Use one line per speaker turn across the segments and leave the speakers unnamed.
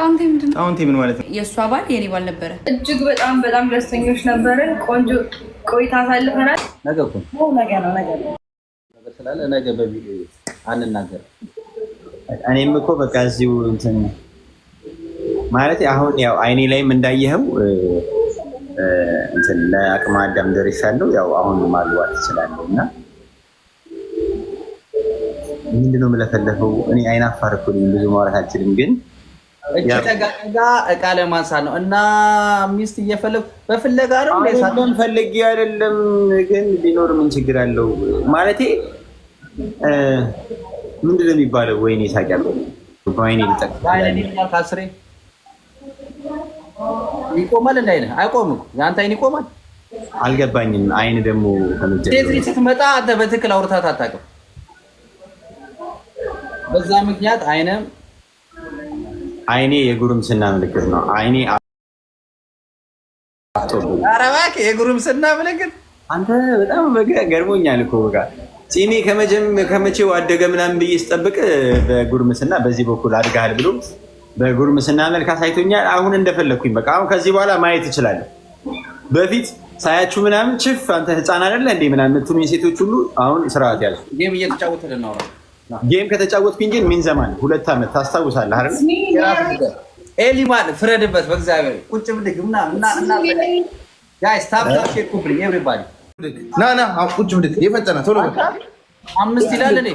ጣውንቴ ምንድን
ነው? ጣውንቴ ምን ማለት ነው?
የእሷ ባል የኔ ባል ነበረ።
እጅግ በጣም በጣም ደስተኞች ነበርን። ቆንጆ ቆይታ አሳልፈናል። ነገ እኮ ነገ ነው ነገ ነው
ነገር ስላለ ነገ በቪዲዮ አንናገርም። እኔም እኮ በቃ እዚሁ እንትን ማለት አሁን ያው አይኔ ላይም እንዳየኸው እንትን ለአቅመ አዳም ደርሻለሁ። ያው አሁን ማግባት እችላለሁ እና ምንድነው የምለፈለፈው እኔ አይናፋር እኮ ብዙ ማውራት አልችልም ግን
እጅ እቃ ለማንሳት ነው እና ሚስት እየፈለጉ በፍለጋ ነው ሳለን
ፈልጌ አይደለም። ግን ቢኖር ምን ችግር አለው? ማለቴ ምንድን ነው የሚባለው? ወይኔ ሳቂያለሁ። በወይኔ
ልጠቅስሬ ይቆማል። እንደ አይነ አይቆምም። የአንተ አይን ይቆማል።
አልገባኝም። አይን ደግሞ
ሴትሪ ስትመጣ አንተ በትክክል አውርታት አታውቅም። በዛ ምክንያት አይነም
አይኔ የጉርምስና ምልክት ነው። አይኔ
ኧረ እባክህ የጉርምስና ምልክት
አንተ በጣም በቃ ገርሞኛል እኮ በቃ ፂሜ ከመቼው አደገ ምናምን ብዬ ስጠብቅ በጉርምስና በዚህ በኩል አድጋል ብሎ በጉርምስና መልክ አሳይቶኛል። አሁን እንደፈለግኩኝ በቃ አሁን ከዚህ በኋላ ማየት እችላለሁ። በፊት ሳያችሁ ምናምን ችፍ አንተ ህፃን አይደለ እንዴ ምናምን የምትሉኝ ሴቶች ሁሉ አሁን ስርዓት ያለ ጌም ከተጫወትኩ እንጂ ምን ዘማን ሁለት ዓመት ታስታውሳለህ አይደል?
ኤሊማን ፍረድበት በእግዚአብሔር ቁጭ ብድግ ምናምን ና
ና ቁጭ ብድግ የፈጠነ ቶሎ
አምስት ይላል። እኔ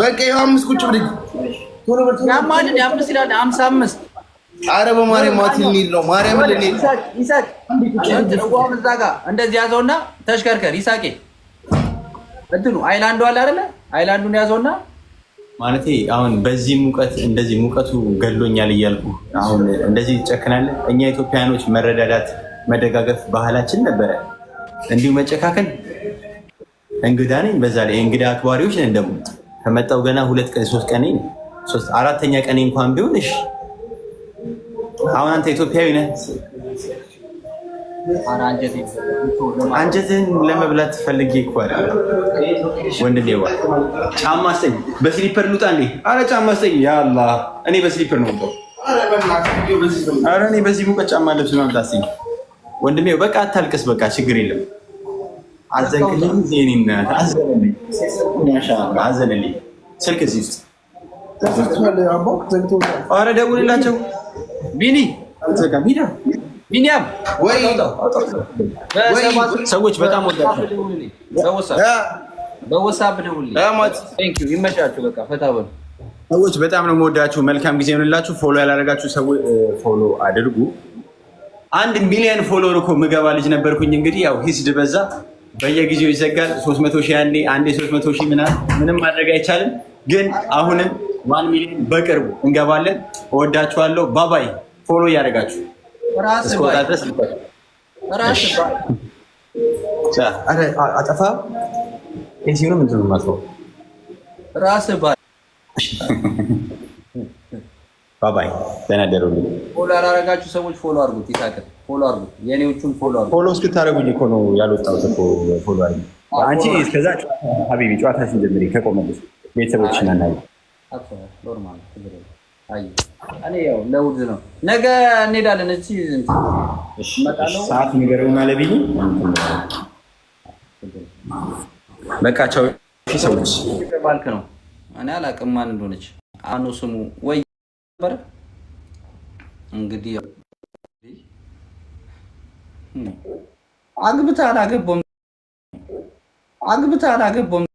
በቃ ይኸው አምስት ቁጭ ብድግ አረ በማርያም ነው ማርያም
እንደዚህ ያዘውና ተሽከርከር ይሳቄ እንትኑ አይላንዱ አለ አይደለ? አይላንዱን ያዘውና
ማለት አሁን በዚህ ሙቀት እንደዚህ ሙቀቱ ገሎኛል እያልኩ አሁን እንደዚህ ይጨክናል። እኛ ኢትዮጵያኖች መረዳዳት፣ መደጋገፍ ባህላችን ነበረ። እንዲሁ መጨካከል እንግዳ ነኝ፣ በዛ ላይ እንግዳ አክባሪዎች ነን። ደግሞ ከመጣው ገና ሁለት ቀን ሶስት ቀን አራተኛ ቀን እንኳን ቢሆን እሺ። አሁን አንተ ኢትዮጵያዊ ነህ አንጀትህን ለመብላት ፈልጌ እኮ አይደለም ወንድሜ። ዋ ጫማ አስጠኝ፣ በስሊፐር ልውጣ እንዴ? አረ ጫማ አስጠኝ። ያላ እኔ በስሊፐር ነው። አረ እኔ በዚህ ሙቀት ጫማ ልብስ ማምጣት አስጠኝ ወንድሜ። በቃ አታልቅስ፣ በቃ ችግር የለም። አዘንክልኝ፣ ዜኔና አዘንልኝ፣ አዘንልኝ። ስልክ እዚህ ውስጥ
አረ ደውልላቸው ቢኒ ቢኒ ቢኒያም
ሰዎች በጣም ወዳቸው ሰዎች። በጣም ነው መወዳችሁ። መልካም ጊዜ ይሆንላችሁ። ፎሎ ያላደረጋችሁ ሰዎች ፎሎ አድርጉ። አንድ ሚሊዮን ፎሎወር እኮ ምገባ ልጅ ነበርኩኝ። እንግዲህ ያው ሂስድ በዛ በየጊዜው ይዘጋል። 300 ሺህ ያኔ አንዴ 300 ሺህ ምናምን ምንም ማድረግ አይቻልም። ግን አሁንም ዋን ሚሊዮን በቅርቡ እንገባለን። እወዳችኋለሁ። ባባይ ፎሎ እያደረጋችሁ አጠፋ ሲሆነ ምንድን ነው የማጥፋው? ራስህ ባይ ባባይ ተናደሩልኝ።
ፎሎ ያላረጋችሁ ሰዎች ፎሎ አርጉት፣ ይሳቅን ፎሎ አርጉት፣ የኔዎቹን ፎሎ
አርጉት። ፎሎ እስክታረጉኝ እኮ ነው ያልወጣሁት ፎሎ አርጉ። አንቺ እስከዛ ሀቢቢ ጨዋታሽን ጀምሪ ከቆመልሽ ቤተሰቦችን አናይ
ኖርማል ያው ለውድ ነው። ነገ እንሄዳለን። እቺ
ሰዓት በቃ ቻው። ሰዎች ባልክ
ነው። እኔ አላቅም ማን እንደሆነች ስሙ ወይ ነበረ እንግዲህ አግብታ አላገባም አግብታ አላገባም